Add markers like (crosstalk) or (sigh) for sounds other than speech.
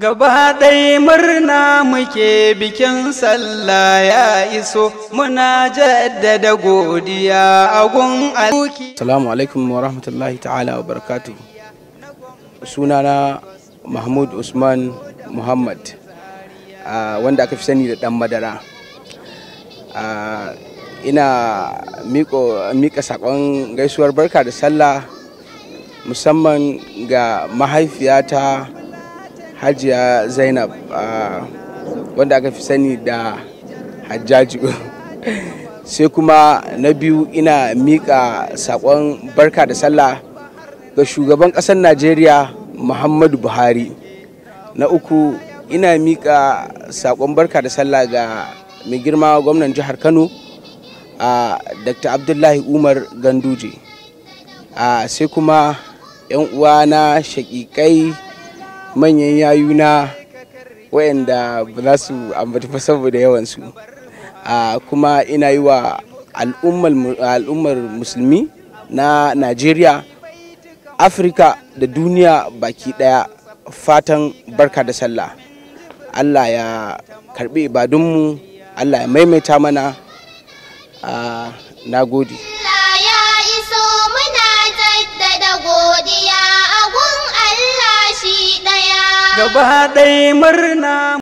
Gaba ɗai murna muke bikin sallah ya iso muna jaddada godiya a gun alki. Salamu alaikum wa rahmatullahi ta'ala wa barakatu. Sunana Mahmud Usman Muhammad ah, wanda aka fi sani da ɗan madara. Ah, ina miƙa saƙon gaisuwar barka da sallah musamman ga mahaifiyata. hajiya zainab wanda aka fi sani da hajjaji (laughs) sai kuma na biyu ina miƙa saƙon barka da sallah ga shugaban ƙasar najeriya muhammadu buhari na uku ina miƙa saƙon barka da sallah ga mai girma gwamnan jihar kano a dr abdullahi umar ganduje sai kuma 'yan uwa na shaƙiƙai manyan yayuna wayanda ba za su ambata fa saboda yawansu kuma ina yi wa al'ummar musulmi na najeriya afirka da duniya baki daya fatan barka da sallah allah ya karbi ibadunmu allah ya maimaita mana na gode ba dai murna